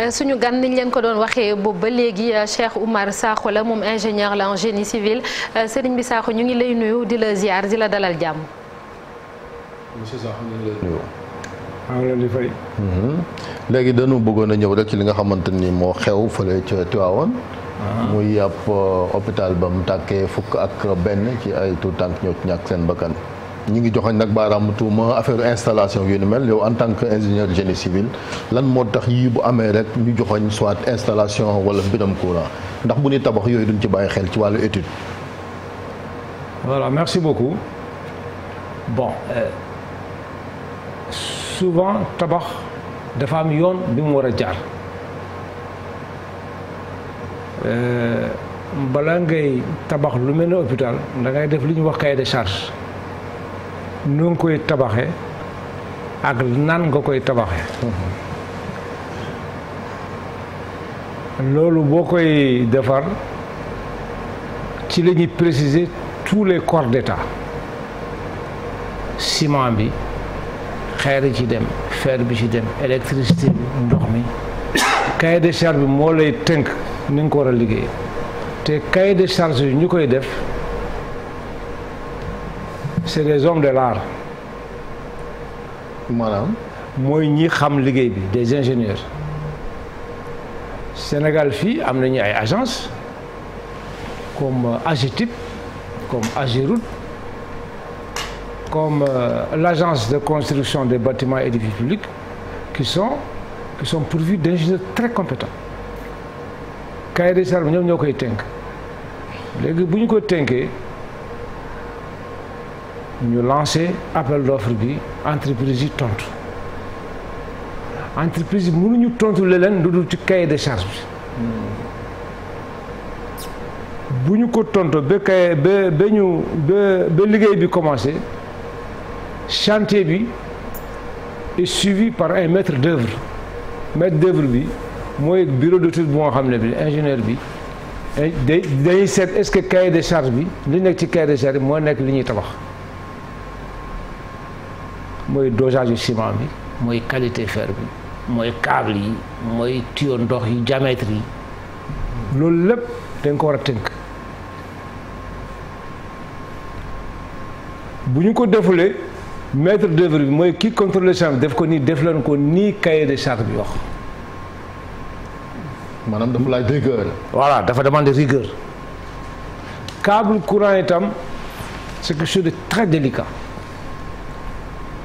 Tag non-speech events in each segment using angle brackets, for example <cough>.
Euh, suñu gan niñ leen ko doon waxee boobu ba léegi euh, Cheikh Oumar Sakho la moom ingénieur la en génie civil euh, sëriñ bi Sakho ñu ngi lay nuyu di la ziar di la dalal jàmm. Mhm. léegi dañu bëggoon a ñëw rek ci li nga xamante ni moo xew fële ca Tivaouane. Ah. muy ab hôpital ba mu tàkkee fukk ak benn ci ay tuutànk ñoo ci ñàkk seen bakkan. ñu ngi joxoñ nag baaraamu tuuma affaire installation yu ni mel yow en tant que ingénieur génie civil lan moo tax yii bu amee rek ñu joxoñ soit installation wala mbiram courant ndax bu ñuy tabax yooyu duñ ci bàyyi xel ci wàllu étude. voilà merci beaucoup bon euh, souvent tabax dafa am yoon bi mu war a jaar euh, balaa ngay tabax lu mel ne hôpital da ngay def li ñuy wax cahier de charge. nu nga koy tabaxe ak nan nga koy tabaxe loolu boo koy defar ci la ñuy préciser tous les corps d'état ciment bi xeer yi ci dem fer bi ci dem électricité bi ndox mi cahier de charge bi moo lay tënk ni nga ko war a liggéey te cahier de charge bi ñu koy def c'est des hommes de l'art maanaam mooy ñi xam liggéey bi des ingénieurs Sénégal fii am nañu ay agence comme euh, AGETIP comme AGEROUTE comme euh, l'agence de construction des bâtiments et édifices publics qui sont qui sont pourvus d'ingénieurs très compétents cahier des charges ñoom ñoo koy tënk léegi bu ñu ko tënkee ñu lancé appel d'offre bi entreprise yi tontu entreprise yi mënuñu tontu leen lu dul ci cahier de charge bi bu ñu ko tontu ba kay ba ba ñu ba ba liggéey bi commencé chantier bi est suivi par un maître d'œuvre maître d'œuvre bi mooy bureau d'étude bu nga xam ne bi ingénieur bi day dañuy seet est-ce que cahier de charge bi li nekk ci cahier de charge bi moo nekk li ñuy tabax. mooy dosage ciment bi mooy qualité fer bi mooy câble yi mooy tuyau ndox yi diamètre yi loolu lépp dañ ko war a tënk bu ñu ko defulee maître d'œuvre bi mooy kii contrôle champ def ko nii def leen ko nii cahier de charge bi wax. maanaam dafa laaj rigueur. voilà dafa demander rigueur câble courant itam c'est quelque chose de très délicat.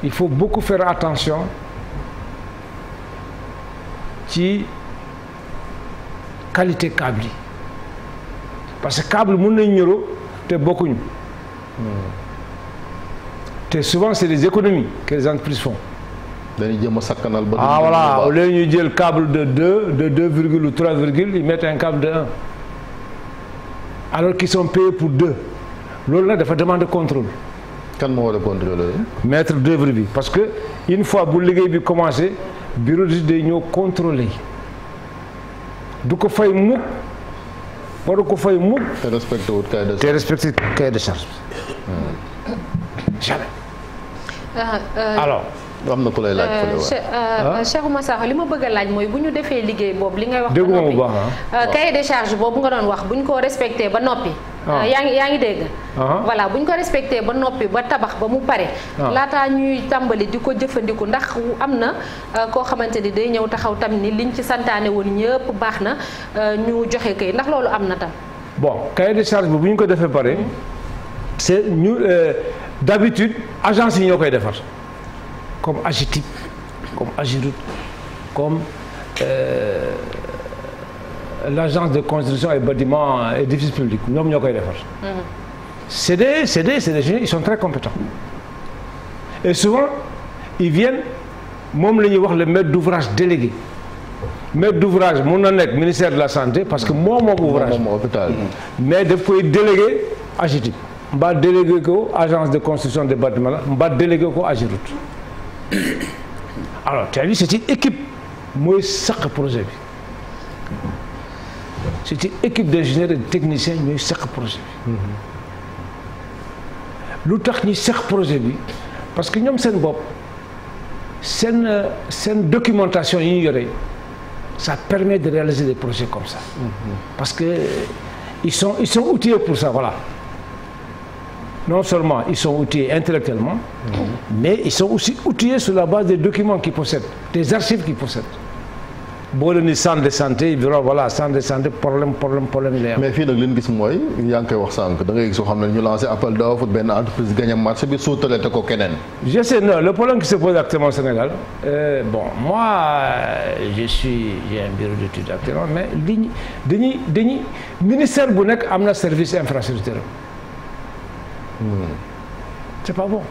il faut beaucoup faire attention ci qualité câble yi parce que cable mun nañ ñoro te bokkuñu te souvent c'est les économies que les entreprises font dañuy jëm a sakkanal ba. ah voilà léegi ñuy jël cable de de de deux virgule ou trois virgule ils mettent un câble de un alors qu'ils sont payés pour deux loolu nag dafa demande contrôle kan moo war a contrôler maître d'œuvre bi parce que une fois bu liggéey bi commencé bureau d'étude day ñëw contrôler du ko fay mukk waru ko fay mukk. te respecté wut de charge te respecté cahier de charge. Ah, euh, alors. am na ku lay laaj fële euh, waa. Euh, ah? Cheikh Oumar li ma bëgg laaj mooy bu ñu defee liggéey boobu li ngay wax. ba noppi dégguma ah. bu de charge boobu nga doon wax bu ñu ko respecté ba noppi. Ah. Euh, yaa ngi yaa ngi dégg uh-huh. voilà bu ñu ko respecté ba noppi ba tabax ba mu pare ah. laataa ñuy tàmbali di ko jëfandiku ndax am na euh, koo xamante ni day ñëw taxaw tam ni liñ ci santaane woon ñëpp baax na euh, ñu joxe kay ndax loolu am na tam bon cahier de charge bi bu ñu ko defee pare mm-hmm. c'est ñu d'habitude agence yi ñoo koy defar comme AGETIP comme AGEROUTE comme l'agence de construction et bâtiment euh, édifice public ñoom ñoo koy defar. Mhm. c'est des c'est des c'est des jeunes ils très compétents. et souvent ils viennent moom la ñuy wax le maître d'ouvrage délégué maître d'ouvrage mon na nekk ministère de la santé parce que moom moom ouvrage mais daf koy délégué AGETIP mbaa délégué ko agence de construction des bâtiments la mbaa délégué ko AGEROUTE alors tu as vu c'est une équipe mooy saq projet bi c'est une équipe d'ingénieurs et de techniciens ñooy seq projet bi. lu tax ñuy seq projet bi parce que ñoom seen bopp seen seen documentation yi ñu yore ça permet de réaliser des projets comme ça. parce que ils sont ils sont outillés pour ça voilà. non seulement ils sont outillés intellectuellement. Mm -hmm. mais ils sont aussi outillés sur la base des documents qu'ils possèdent des archives qu'ils possèdent. boo leen di centre de santé yi voilà centre de santé problème problème problème mais fii nag li ñu gis mooy yaa ngi koy wax sànq da ngay gis soo xam ne ñu lancé appel d'offre benn entreprise gagné marché bi suutale te ko keneen. je sais non le problème qui se pose actuellement au Sénégal euh, mais li ñu dañuy dañuy ministère bu nekk am na service infrastructure. Hmm. c'est pas bon.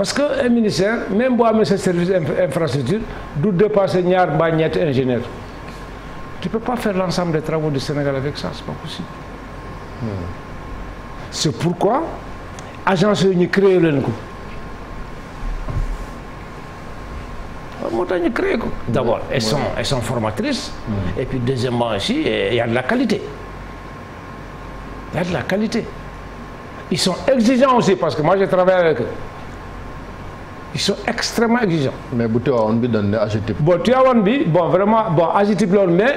parce que un ministère même boo amee sa service infrastructure du dépasser ñaar mbaa ñetti ingénieur tu peux pas faire l'ensemble des travaux du Sénégal avec ça c'est pas possible mmh. c'est pourquoi agence yooyu ñu créé leen ko moo tax ñu créé ko hmm. d'abord elles sont elles sont formatrices mmh. et puis deuxièmement aussi il y a de la qualité il sont exigeants aussi parce que moi j'ai travaillé avec eux ils sont extrêmement exigeants. mais bu Tivaouane bi dañ ne AGETIP. bon Tivaouane bi bon vraiment bon AGETIP loolu mais.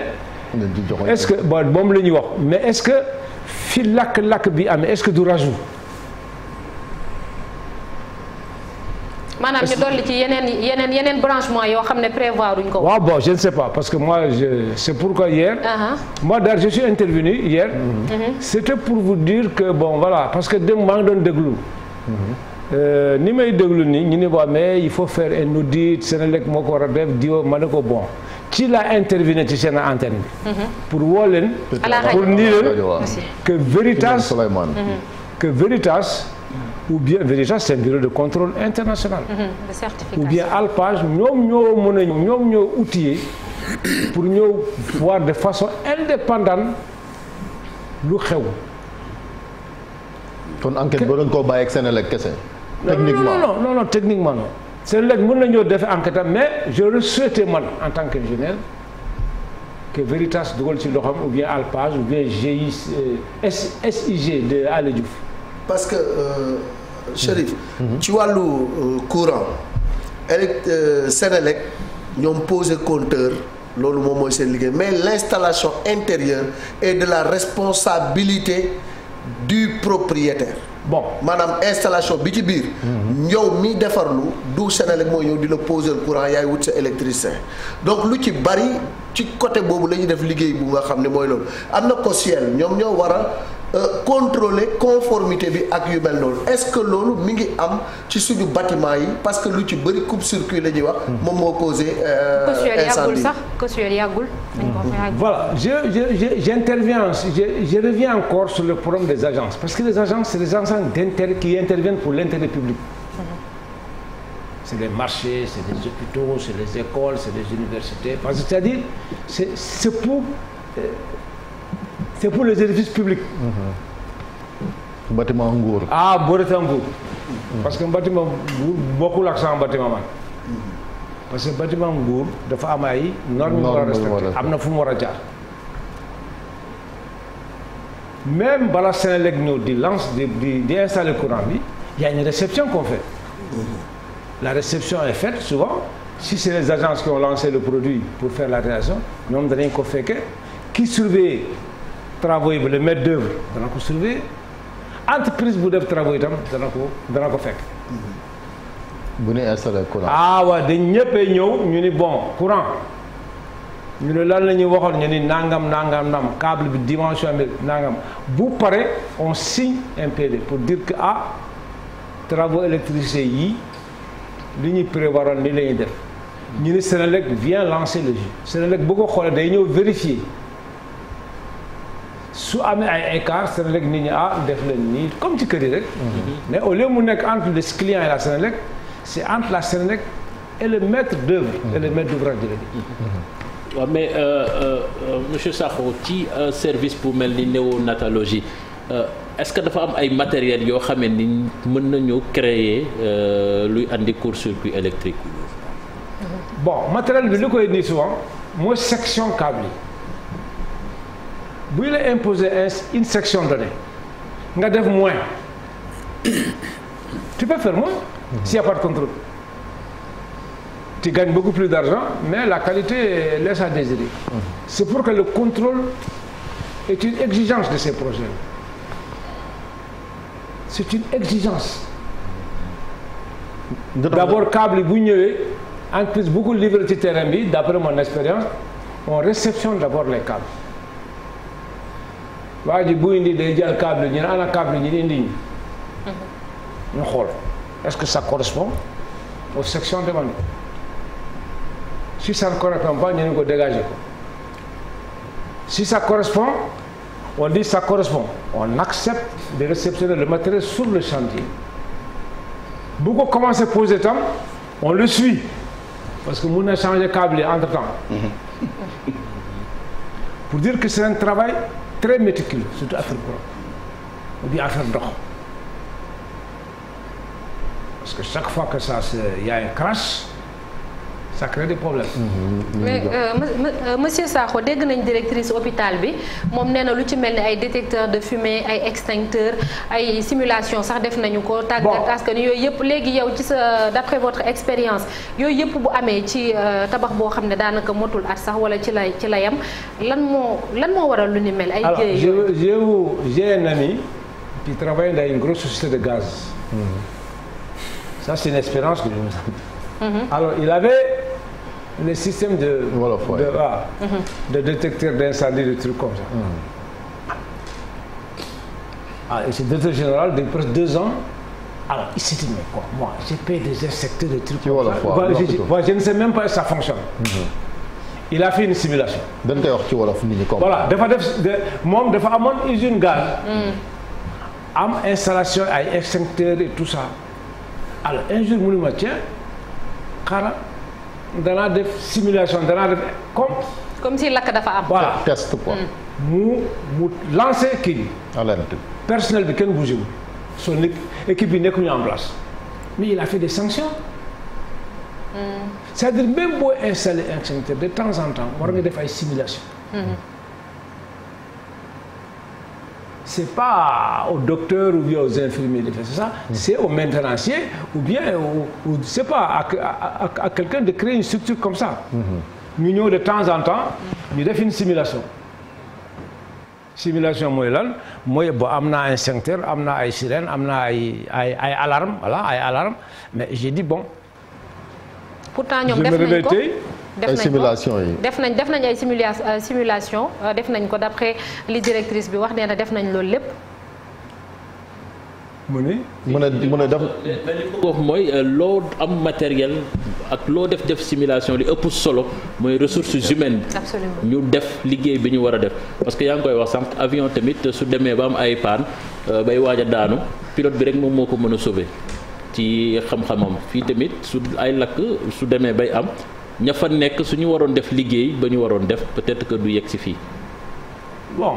est-ce que bon moom la ñuy wax mais est-ce que fi lakk-lakk bi amee est-ce que du rajout. maanaam ñu dolli ci yeneen yeneen yeneen branchement yoo xam ne prévoir uñ ko. waaw bon je ne sais pas parce que moi je c'est pourquoi hier. Ah ah. moi daal je suis intervenu hier. Mm-hmm. c'était pour vous dire que bon voilà parce que démb maa ngi doon déglu. Mm-hmm. Euh, ni may déglu ni ñu ne waa mais il faut faire un audit Senelec moo ko war a def diwo ma ne ko bon ci la intervenir ci seen antenne mhm. pour woo leen. pour nii leen que Veritas mhm. que Veritas. ou bien Veritas c'est bureau de contrôle international. Mhm. de certification ou bien Alpage ñoom ñoo mën a ñoom ñoo outillé pour ñëw voir de façon indépendante lu xew. kon enquête boo doon koo bàyyi ak Senelec kese. techniquement non non non techniquement non. Senelec mën nañoo def enquête am mais j'aurais souhaité man en tant qu'ingénieur que Veritas dugal ci loxoom ou bien Alpage ou bien GI euh, SIG de Alé Diouf. parce que euh, Chérif. Mm-hmm. Mm-hmm. ci wàllu euh, courant. élect Senelec ñoom posé compteur. loolu moom mooy seen liggéey mais l'installation intérieure est de la responsabilité du propriétaire. bon maanaam installation bi ci biir. Mhm. yow mi defarlu du Senelec mooy ñëw di la poser courant yaay wut sa électricien donc lu ci bari. ci côté boobu la ñuy def liggéey bu nga xam ne mooy loolu am na ko ñoom ñoo war a euh, contrôler conformité bi ak yu mel noonu est-ce que loolu mi ngi am ci suñu bâtiment yi parce que lu ci bëri coupe circuit la ñuy wax. moom moo causé euh, incendie sax causuel yàggul. voilà je je je j'interviens je je reviens encore sur le problème des agences parce que les agences les agences d'inter qui interviennent pour l'intérêt public. c'est les marchés, c'est les hôpitaux, c'est les écoles, c'est les universités. C'est-à-dire, c'est pour, c'est les édifices publics. Mm-hmm. bâtiment nguur. ah bërita nguur. parce que bâtiment nguur bokkul ak sama man. parce que bâtiment nguur dafa am ay normes yu war am na fu mu di lance di installer courant bi y une réception qu'on fait. La réception est faite souvent. Si c'est les agences qui ont lancé le produit pour faire la réalisation, ñoom danañ ko fekke ki surveille travaux yi ba le maître d'œuvre dana ko surveiller entreprise bu def travaux itam dana ko dana ko fekk. bu ne installé courant. ah waaw dañ ñëppee ñëw ñu ni bon courant ñu ne lan la ñuy waxoon ñu ni nangam nangam nam câble bi dimension bi nangam bu pare on signe un PV pour dire que ah travaux électricité yi. li ñuy prévoiroon li la def ñu ni Senelec vient lancer le jeu Senelec boo ko xoolee day ñëw vérifier su amee ay écart Senelec ni ñi ah def leen nii comme ci kër yi rek mhm. mais au lieu mu nekk entre les clients et la Senelec c'est la Senelec et le maître d'œuvre et le mhm. maître d'ouvrage de waaw mhm. euh, euh, euh, monsieur Sakho ci service bu mel ni néonatologie est-ce que dafa am ay matériel yoo xamee ni mën nañu créer euh, luy àndi court-circuit électrique bon matériel bi li koy nii souvent mooy section câble yi bu la imposer une section donnée nga def moins <coughs> tu peux faire moins mhm. s'il n'y a pas de contrôle tu gagnes beaucoup plus d'argent mais la qualité laisse à désirer mhm. c'est pour que le contrôle est une exigence de ces projets c'est une exigence. d'abord câble yi bu ñëwee en plus beaucoup livre ci terrain bi d'après mon expérience on réceptionne d'abord les câbles waa ji bu indi day jël câble ñu ne ana câble ñu indi ñu mhm. ñu xool est-ce que ça correspond aux sections demandées si ça ne correspond pas ñu ko dégager ko si ça correspond On dit ça correspond. On accepte de réceptionner le matériel sur le chantier. Beaucoup commence poser temps, on le suit. Parce que mun avons changé cable câble entre-temps. <laughs> Pour dire que c'est un travail très méticuleux, surtout affaire propre. On affaire d'or. Parce que chaque fois que ça, il y a un crash, ça crée des problèmes. Mm-hmm. Mm-hmm. mais mm-hmm. Euh, euh, monsieur Sakho dégg nañ directrice hôpital bi moom nee na lu ci mel ni ay détecteur de fumée ay extincteur ay simulation sax def nañu ko. tàggat askan yooyu yëpp léegi yow ci sa d'après votre expérience yooyu yëpp bu amee ci euh, tabax boo xam ne daanaka motul at sax wala ci la ci la yem lan moo lan moo waral lu ni mel. ay jéey alors je je vous j'ai un ami une grosse société de gaz. ça c'est expérience que je vous. alors il avait. le système de, voilà, de, ah, de détecteur d'incendie, de trucs comme ça. Mm -hmm. ah, et c'est directeur général depuis presque deux ans. Alors, il s'est dit, mais quoi, moi, des secteurs de trucs comme ça. Bah, non, je, bah, je, ne sais même pas si ça mhm. il a fait une simulation. dañ koy wax ci wolof nit ñi comme. voilà dafa def moom dafa amoon usine gaz. Mhm. am installation ay extincteurs et tout ça alors un jour mu danaa def simulation danaa def comme. comme si lakk dafa am. voilà test quoi. Hmm. mu mu lancé kii bi. alerte personnel bi kenn bougé wu. son équipe bi nekkuñu en place. mais il a fait des sanctions. Mm. c'est-à-dire même boo installé un de temps en temps war nga hmm. def ay simulation. Hmm. c'est pas au docteur ou bien aux infirmiers de faire ça, c'est au maintenancier ou bien, c'est pas, à, à, à, à quelqu'un de créer une structure comme ça. ñu mhm. ñëw de temps en temps ñu def une simulation. simulation mooy lan mooy bo am naa un secteur am naa ay sirène am naa ay ay ay alarme voilà ay alarme mais j'ai dit bon. pourtant ñoom def nañ ko je me réveille tey def nañ yi def nañ def nañ ay euh, simulation euh, def nañ ko d'après li directrice bi wax nee na def nañ loolu lépp. mu ne mu ne mu ne def. Eh, wax mooy euh, loo am matériel ak loo def def simulation li ëpp solo mooy ressources humaines bi. ñu def liggéey bi ñu war a def. parce que yaa ngi koy wax sànq avion tamit su demee ba am ay paan bay waaj a daanu pilote bi rek moom moo ko mën a sauver ci xam-xamam fii tamit su ay lakk su demee bay am. ña fa nekk su ñu waroon def liggéey ba ñu waroon def peut-être que du yegg si fii. bon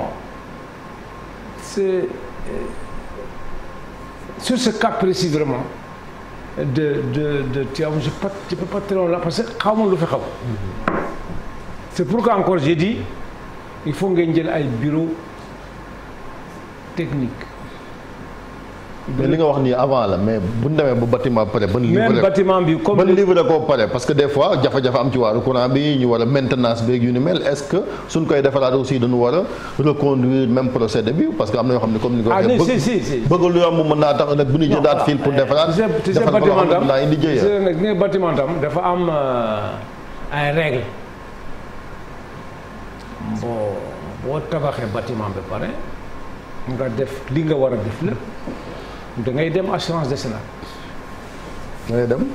c'est euh, sur ce cas précis vraiment de de de Tivaouane je pas je peux pas te parce que xaw ma lu fi xaw. c'est pourquoi encore j'ai di il faut ngeen jël ay bureau technique. mais li nga wax nii avant la mais bu ñu demee ba bâtiment pare bi comme ban livre koo pare parce que des fois jafe am ci wàllu courant bi ñu war a maintenance beeg yu ni mel est-ce que suñ koy defaraat aussi dañu war a reconduire même procédé bi parce que am na yoo xam ne comme ni ko ah, waxee bëgg si si bëgg lu yomb mën naa tax nag bu ñu jëndaat fil pour ah, defaraat nga def li nga war a def lépp da ngay dem assurance décennale. da ngay dem.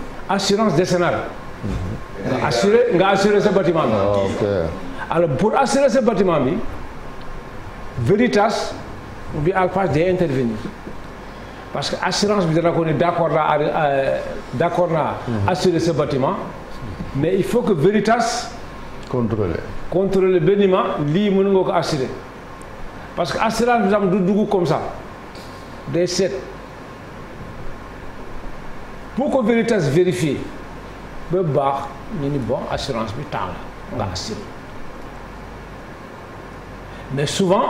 nga assuré nga assuré sa bâtiment bi. Ah, ok alors pour assurer sa bâtiment bi Veritas ou bien Alphage day intervenir parce que assurance bi dana ko ne d' accord naa euh, d' accord naa. Mhm. assurer sa bâtiment mais il faut que Veritas. contrôler contrôler benn ma lii mën nga ko assurer parce que assurance bi tam du dugg comme ça day seet. boo ko Veritas vérifié ba baax ñu ni bon assurance bi temps la nga assuré mais souvent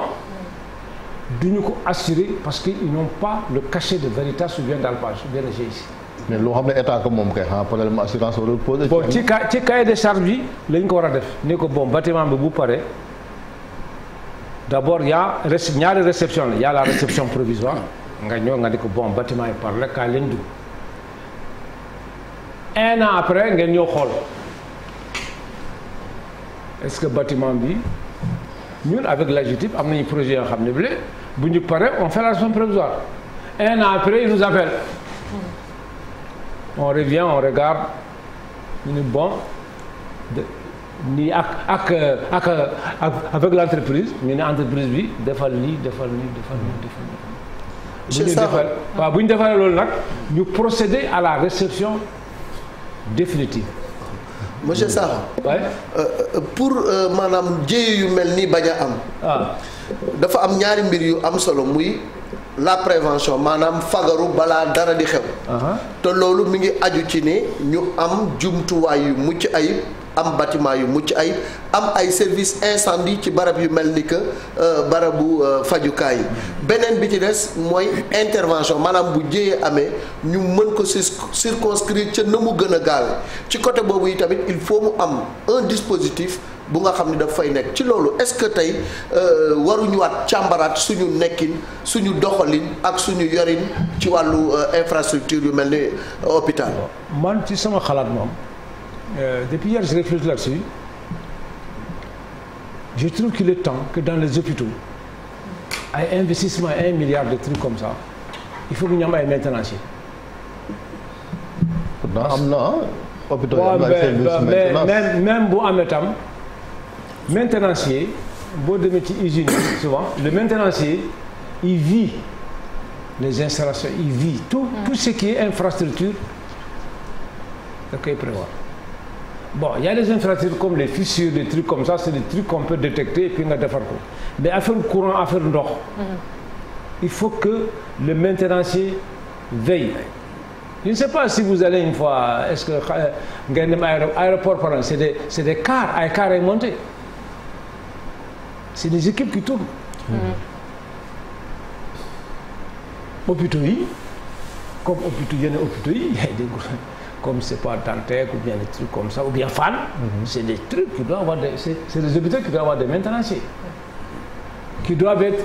duñu ko assuré parce que ils n'ont pas le cachet de Veritas ou bien d'Alpage ou bien de loo xam ne état ko moom kay xanaa ah, problème assurance warul posé. bon ci ca de charge bi ko war a def ni ko bon bâtiment bi bu pare d' abord y' a ñaari réception la y' a la réception provisoire nga ñëw nga ni ko bon bâtiment yi par la kaay lañ dugg. un an après ngeen ñëw xool est-ce que bâtiment bi ñun avec l'AGETIP am nañu projet yoo xam ne bi bu ñu paree on fait la somme provisoire un an après ils nous appellent on revient on regarde ñu ne bon nii ak ak ak avec l'entreprise ñu ne entreprise bi defal lii defal lii defal lii defal lii. bu ñu defal waaw bu ñu defalee loolu nag ñu procéder à la réception. définitive. monsieur Sakho. Euh, euh, pour euh, maanaam jéey yu mel nii bañ a am. Ah. dafa am ñaari mbir yu am solo muy la prévention maanaam fagaru balaa dara di xew. te loolu mi ngi aju ci ne ñu am jumtuwaay yu mucc ayib. am bâtiment yu mucc ay am ay service incendie ci barab yu mel ni que euh, barabu euh, fajukaay yi beneen bi ci des mooy intervention maanaam bu jéyee amee ñu mën ko circonscrire ca na mu gën a gaawe ci côté boobu yi tamit il faut mu am un dispositif bu nga xam ne daf fay nekk ci loolu est-ce que tey euh, waruñu waat càmbaraat suñu nekkin suñu doxalin ak suñu yorin ci wàllu infrastructure yu mel ni hôpital man ci sama xalaat moom euh, depuis hier, je réfléchis là-dessus. Je trouve qu'il est temps que dans les hôpitaux, ay investissement un milliard de trucs comme ça il faut que ñu am ay maintenanciers. pourtant am na ah. hôpitaux yi am na ay maintenance maintenancier boo demee ci usine souvent le maintenancier il vit les installations il vit tout mm. tout ce qui est infrastructure bon y a des infrastructures comme les fissures des trucs comme ça c'est des trucs qu'on peut détecter et puis nga defar ko mais affaire courant affaire ndox. Mm-hmm. il faut que le maintenancier veille. je ne sais pas si vous allez une fois est-ce que euh, ngeen dem aéroport par exemple c'est des c'est cars ay cars ay monté c'est des équipes qui tournent. Mm-hmm. hôpitaux comme hôpitaux yenn hôpitaux yi <laughs> comme c'est pas Dantec ou bien des trucs comme ça, ou bien Fan, mm c'est des trucs qui doivent avoir des, c'est, qui doivent avoir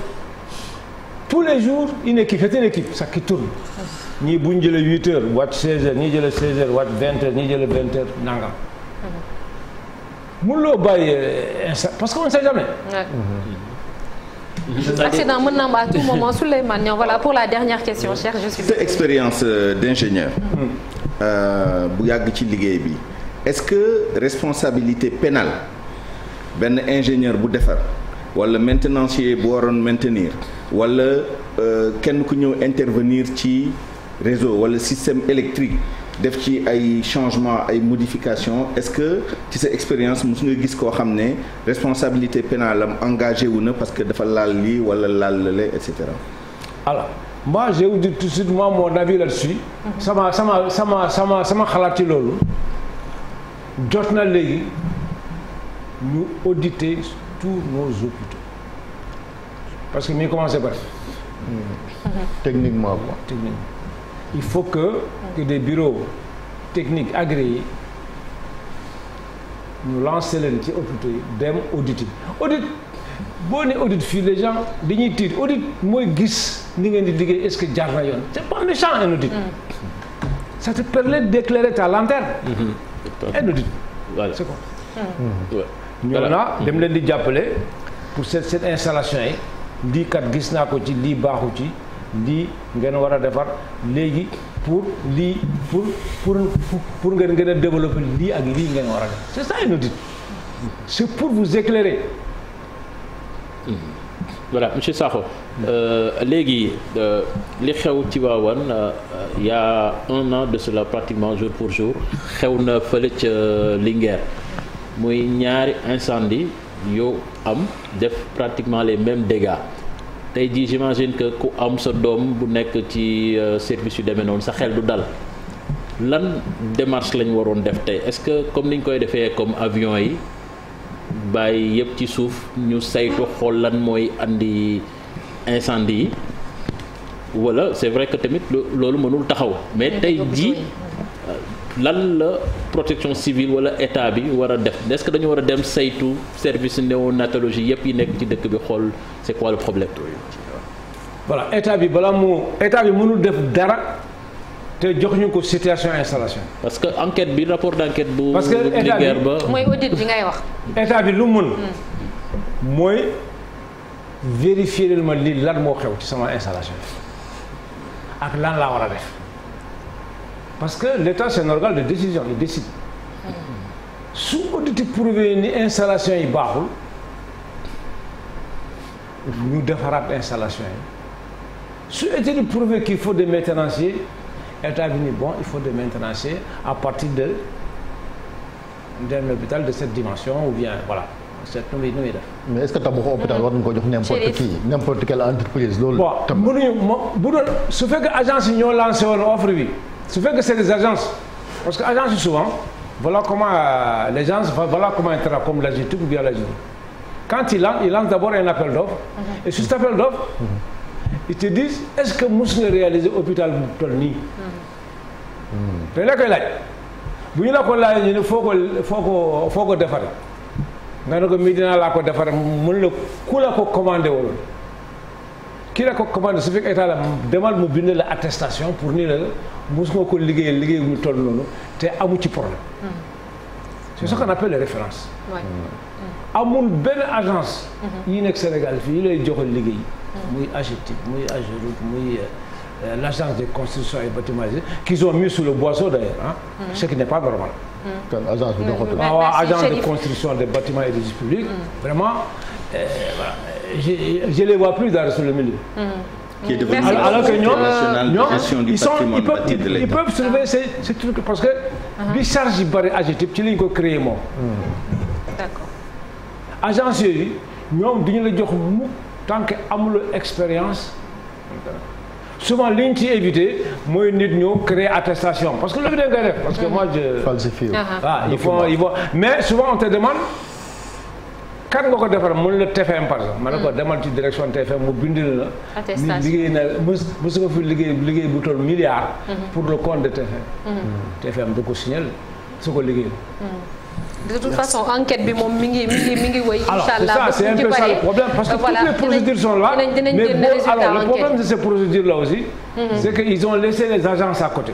tous les jours une équipe, c'est une équipe, ça qui tourne. Ni buñ jëlee 8 heures, wàcc 16 heures, ni jëlee 16 heures, wàcc ni jëlee 20 heures, nangam. mënuloo bàyyi euh, instant parce qu'on ne sait jamais. Mhm. <laughs> accident mën na am à tout moment Souleymane Niang voilà pour la dernière question cher je suis. cette expérience euh, d'ingénieur. Euh, bu yàgg ci liggéey bi est-ce que responsabilité pénal benn ingénieur bu defar wala maintenancier bu waroon maintenir walla euh, kenn ku ñëw intervenir ci réseau wala système électrique. def ci ay changement ay modification est-ce que ci sa expérience mosu nga gis koo xam ne responsabilité pénale am engagé wu na parce que dafa laal lii wala laal lale et cetera alors moi je vous dis tout de suite moi mon mm-hmm. sama sama sama sama sama xalaat ci loolu jot na léegi ñu auditer tous nos hôpitaux parce que mi ngi commencé mm. mm-hmm. techniquement il faut que mm-hmm. avec des bureaux techniques agréés ñu lancé leen ci hôpitaux yi dem audit yi audit boo ne audit fii les gens dañuy tiit audit mooy gis ni ngeen di liggéey est-ce que jaar na yoon c'est pas méchant un audit mm. ça te permet d'éclairer mm-hmm. audit c'est mm-hmm. mm. naa dem leen di jàppale pour cette cette installation yi lii kat gis naa ko ci lii baaxu ci lii ngeen war a defar léegi pour lii pour pour pour ngeen gën a développer lii ak lii ngeen war a def c'est ça un audit c'est pour vous éclairer. Hmm. voilà monsieur Sakho euh, léegi euh, li xew ci waawan euh, y a un an de cela pratiquement jour pour jour xew na fële ca Linguère muy ñaari incendie yow am def pratiquement les mêmes dégâts. tey jii j'imagine que ku am sa doom bu nekk ci euh, service yu demee noonu sa xel du dal lan démarche lañ waroon def tey est-ce que comme niñ koy defee comme avion yi bàyyi yëpp ci suuf ñu saytu xool lan mooy andi incendie yi walla c'est vrai que tamit loolu mënul taxaw mais tey jii lan la protection civile wala état bi war a def est-ce que dañu war a dem saytu service néonatologie yépp yi nekk ci dëkk bi xool c'est quoi le problème. voilà état bi balaa moo état bi mënul def dara te jox ñu ko situation installation. parce que enquête bi rapport d'enquête bu. parce que état bi ba. mooy audit bi ngay wax. état bi lu mën. Hmm. mooy vérifier leen ma lii lan moo xew ci sama installation ak lan laa war a def. parce que l'État c'est un organe de décision il décide su audit prouvé ni installation yi baaxul ñu defaraat installation yi su été prouvé qu'il faut des maintenanciers État bi ni bon il faut de maintenanciers à partir de d'un hôpital de cette dimension ou bien voilà c'est nu muy nu muy mais est-ce que tabax hôpital war nañu ko jox n'importe qui n'importe quelle entreprise. loolu tam su fekkee agence yi ñoo lancé woon offre bi. su fekkee c'est des agences parce que agence yi souvent voilà comment euh, les gens voilà comment ils travaillent comme l'AGETIP ou bien l'AGETIP quand ils lancent ils lancent appel d'offres mhm. et sur cet appel d'offres mhm. te disent est-ce que mos nga réaliser hôpital bu toll nii dañ mhm. la koy laaj bu ñu la ko laajee ñu ne foo ko foo ko foo ko defaree nga ne ko Médina laa ko defaree mën la ku la ko commandé woon ki la ko commandé su fekk état la demal mu bind la attestation pour ni la mos nga ko liggéey mu toll noonu te amu ci problème. Mm. c'est ce qu'on appelle les références. Mm. Mm. amul benn agence. Mm-hmm. yi nekk Sénégal fii lay joxal liggéey. muy AGETIP muy AGEROUTE muy euh, euh, l'agence de construction et bâtiment qu'ils ont mis sous le boisseau d'ailleurs ah. ce qui n'est pas normal. agence bi mm-hmm. doxatul. Ah, de construction des bâtiments et des publics. vraiment euh, voilà. je ne les vois plus dans le milieu. Mmh. Qui est devenu alors, que ñoom ñoom ils sont ils peuvent ils peuvent sauver ces parce que. Uh-huh. bi charge yi ci lañ ko créé moom. d'accord agence yooyu ñoom duñu la jox mu tant que amuloo expérience. souvent li ñu ci éviter mooy nit ñëw créer attestation parce que loolu da nga parce que uh-huh. moi je. falsifié uh-huh. ah, mais souvent on te demande. kan nga ko defar mën la TFM par exemple. ma ne ko mm. demal ci direction TFM mu bindil la. attestation liggéey na mës mës nga fi liggéey liggéey bu milliard. Mm-hmm. pour le compte de TFM. Mm-hmm. Mm. TFM du ko signal su ko liggéeyal. Mm. de toute façon enquête bi moom mi ngi mi ngi mi ngi wéy. incha allah c'est ça un peu ça le problème parce que toutes les procédures sont là. mais bon le problème de ces procédures là aussi. Mm-hmm. c'est que ils ont laissé les agences à côté.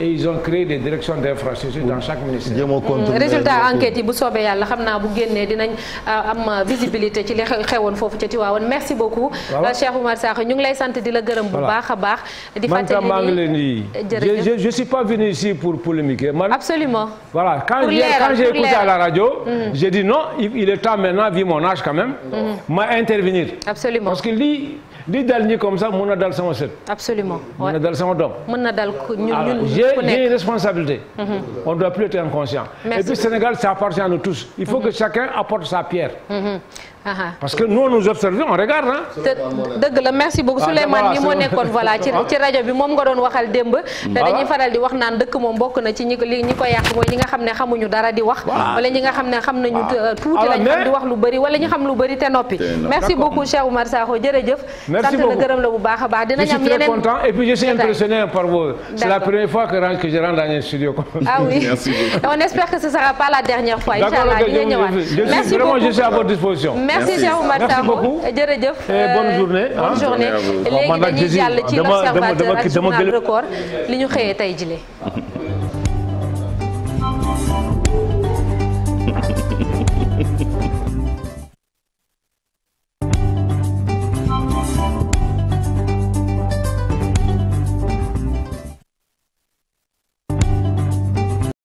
et ils ont créé des directions d'infrastructure mhm. résultat enquête yi bu soobee yàlla xam naa bu génnee dinañ euh, am visibilité ci li xewoon foofu ca Tiwaawan merci beaucoup. Euh, Cheikh Oumar Sakho ñu ngi lay sant di la gërëm a baax. je je suis pas venu ici pour polémiquer man. absolument voilà quand j'ai quand la radio. Mhm. j'ai dit non il est temps maintenant vu mon quand même. Mhm. ma intervenir. parce que lii. di dal ñi comme ça mën na dal sama sët. absolument mën na dal sama doom. mën na dal ñun ñun responsabilité. Mhm. on doit plus être inconscient. et Sénégal ça à nous tous. il faut mhm. que chacun apporte sa pierre. Mhm. parce que nous nous observons on regarde ah. te dëgg la merci beaucoup ah, Souleymane mi moo nekkoon voilà ci ci rajo bi moom nga doon waxal démb. te dañuy faral di wax naan dëkk moom bokk na ci ñi ko li ñi ko yàq mooy ñi nga xam ne xamuñu dara di wax. wala ñi nga xam ne xam nañu tuuti lañ xam di wax lu bëri wala ñu xam lu bëri te noppi. merci beaucoup Cheikh Oumar Sakho jërëjëf. merci beaucoup sant na gërëm la bu baax a baax dinañ am yeneen. je suis très content et puis je suis impressionné par vous. c'est la première fois que je rentre dans un studio. ah oui <laughs> on espère que ce sera pas la dernière fois. inch'Allah di nga ñëwaat merci beaucoup je suis à votre disposition. merci Jérôme Matamo jërëjëf. bonne euh, journée bonne journée léegi dañuy jàll ci l'observateur ak journal record li ñu xëyee tey jile <laughs>